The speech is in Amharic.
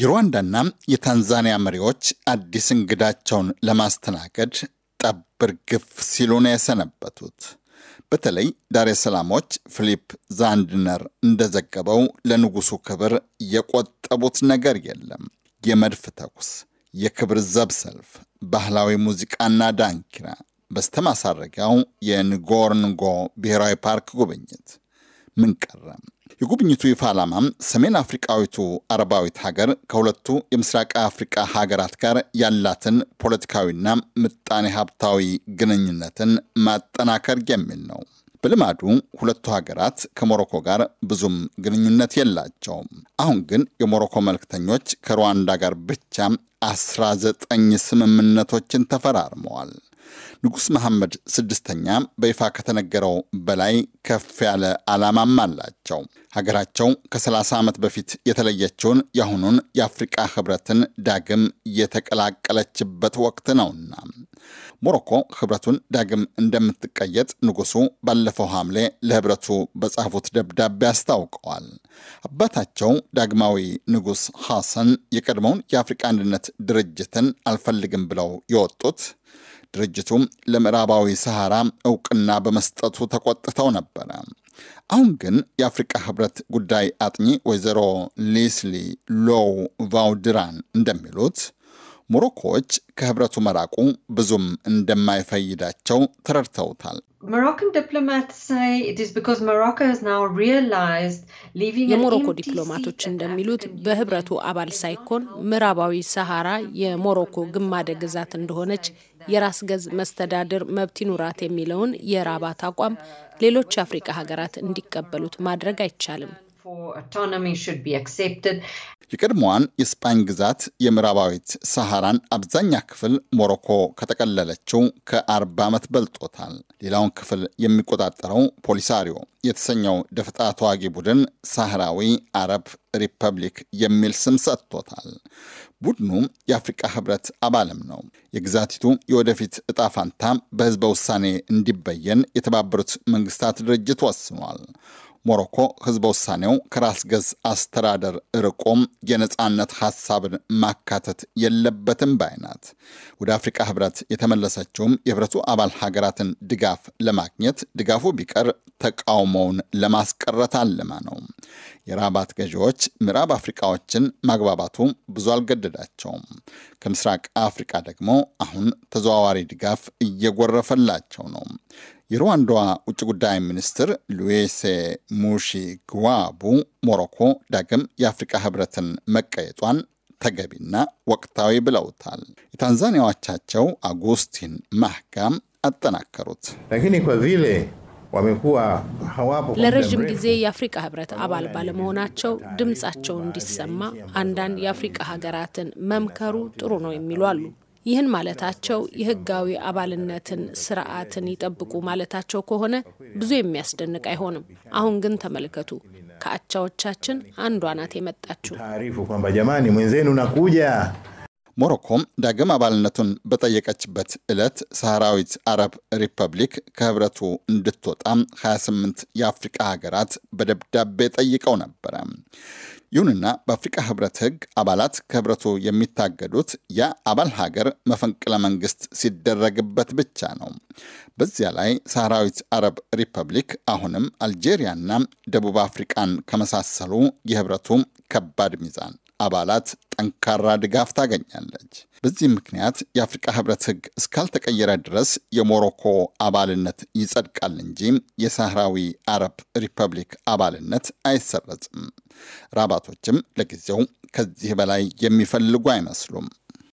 የሩዋንዳና የታንዛኒያ መሪዎች አዲስ እንግዳቸውን ለማስተናገድ ጠብር ግፍ ሲሉ ነው የሰነበቱት። በተለይ ዳሬ ሰላሞች ፊሊፕ ዛንድነር እንደዘገበው ለንጉሱ ክብር የቆጠቡት ነገር የለም። የመድፍ ተኩስ፣ የክብር ዘብ ሰልፍ፣ ባህላዊ ሙዚቃና ዳንኪራ፣ በስተማሳረጊያው የንጎርንጎ ብሔራዊ ፓርክ ጉብኝት ምን ቀረም? የጉብኝቱ ይፋ ዓላማም ሰሜን አፍሪቃዊቱ አረባዊት ሀገር ከሁለቱ የምስራቅ አፍሪቃ ሀገራት ጋር ያላትን ፖለቲካዊና ምጣኔ ሀብታዊ ግንኙነትን ማጠናከር የሚል ነው። በልማዱ ሁለቱ ሀገራት ከሞሮኮ ጋር ብዙም ግንኙነት የላቸውም። አሁን ግን የሞሮኮ መልክተኞች ከሩዋንዳ ጋር ብቻ 19 ስምምነቶችን ተፈራርመዋል። ንጉሥ መሐመድ ስድስተኛ በይፋ ከተነገረው በላይ ከፍ ያለ ዓላማም አላቸው። ሀገራቸው ከ30 ዓመት በፊት የተለየችውን የአሁኑን የአፍሪቃ ህብረትን ዳግም የተቀላቀለችበት ወቅት ነውና ሞሮኮ ህብረቱን ዳግም እንደምትቀየጥ ንጉሱ ባለፈው ሐምሌ ለህብረቱ በጻፉት ደብዳቤ አስታውቀዋል። አባታቸው ዳግማዊ ንጉስ ሐሰን የቀድሞውን የአፍሪቃ አንድነት ድርጅትን አልፈልግም ብለው የወጡት ድርጅቱ ለምዕራባዊ ሰሃራ እውቅና በመስጠቱ ተቆጥተው ነበረ። አሁን ግን የአፍሪቃ ህብረት ጉዳይ አጥኚ ወይዘሮ ሌስሊ ሎው ቫውድራን እንደሚሉት ሞሮኮዎች ከህብረቱ መራቁ ብዙም እንደማይፈይዳቸው ተረድተውታል። የሞሮኮ ዲፕሎማቶች እንደሚሉት በህብረቱ አባል ሳይኮን ምዕራባዊ ሰሃራ የሞሮኮ ግማደ ግዛት እንደሆነች የራስ ገዝ መስተዳድር መብት ይኑራት የሚለውን የራባት አቋም ሌሎች አፍሪቃ ሀገራት እንዲቀበሉት ማድረግ አይቻልም። የቀድሞዋን የስፓኝ ግዛት የምዕራባዊት ሰሃራን አብዛኛ ክፍል ሞሮኮ ከጠቀለለችው ከ40 ዓመት በልጦታል። ሌላውን ክፍል የሚቆጣጠረው ፖሊሳሪዮ የተሰኘው ደፍጣ ተዋጊ ቡድን ሳህራዊ አረብ ሪፐብሊክ የሚል ስም ሰጥቶታል። ቡድኑ የአፍሪቃ ህብረት አባልም ነው። የግዛቲቱ የወደፊት እጣ ፋንታ በህዝበ ውሳኔ እንዲበየን የተባበሩት መንግስታት ድርጅት ወስኗል። ሞሮኮ ህዝበ ውሳኔው ከራስ ገዝ አስተዳደር ርቆም የነፃነት ሐሳብን ማካተት የለበትም ባይ ናት። ወደ አፍሪቃ ህብረት የተመለሰችውም የህብረቱ አባል ሀገራትን ድጋፍ ለማግኘት ድጋፉ ቢቀር ተቃውሞውን ለማስቀረት አለማ ነው። የራባት ገዢዎች ምዕራብ አፍሪቃዎችን ማግባባቱ ብዙ አልገደዳቸውም። ከምስራቅ አፍሪቃ ደግሞ አሁን ተዘዋዋሪ ድጋፍ እየጎረፈላቸው ነው። የሩዋንዳዋ ውጭ ጉዳይ ሚኒስትር ሉዌሴ ሙሺ ግዋቡ ሞሮኮ ዳግም የአፍሪቃ ህብረትን መቀየጧን ተገቢና ወቅታዊ ብለውታል። የታንዛኒያዎቻቸው አጉስቲን ማህጋም አጠናከሩት። ለረዥም ጊዜ የአፍሪቃ ህብረት አባል ባለመሆናቸው ድምፃቸው እንዲሰማ አንዳንድ የአፍሪቃ ሀገራትን መምከሩ ጥሩ ነው የሚሉ አሉ። ይህን ማለታቸው የህጋዊ አባልነትን ስርዓትን ይጠብቁ ማለታቸው ከሆነ ብዙ የሚያስደንቅ አይሆንም። አሁን ግን ተመልከቱ፣ ከአቻዎቻችን አንዷ ናት የመጣችው። ሞሮኮም ዳግም አባልነቱን በጠየቀችበት ዕለት ሳህራዊት አረብ ሪፐብሊክ ከህብረቱ እንድትወጣ 28 የአፍሪቃ ሀገራት በደብዳቤ ጠይቀው ነበረ። ይሁንና በአፍሪቃ ህብረት ህግ አባላት ከህብረቱ የሚታገዱት ያ አባል ሀገር መፈንቅለ መንግስት ሲደረግበት ብቻ ነው። በዚያ ላይ ሳህራዊት አረብ ሪፐብሊክ አሁንም አልጄሪያና ደቡብ አፍሪቃን ከመሳሰሉ የህብረቱ ከባድ ሚዛን አባላት ጠንካራ ድጋፍ ታገኛለች። በዚህም ምክንያት የአፍሪቃ ህብረት ህግ እስካልተቀየረ ድረስ የሞሮኮ አባልነት ይጸድቃል እንጂ የሳህራዊ አረብ ሪፐብሊክ አባልነት አይሰረጽም። ራባቶችም ለጊዜው ከዚህ በላይ የሚፈልጉ አይመስሉም።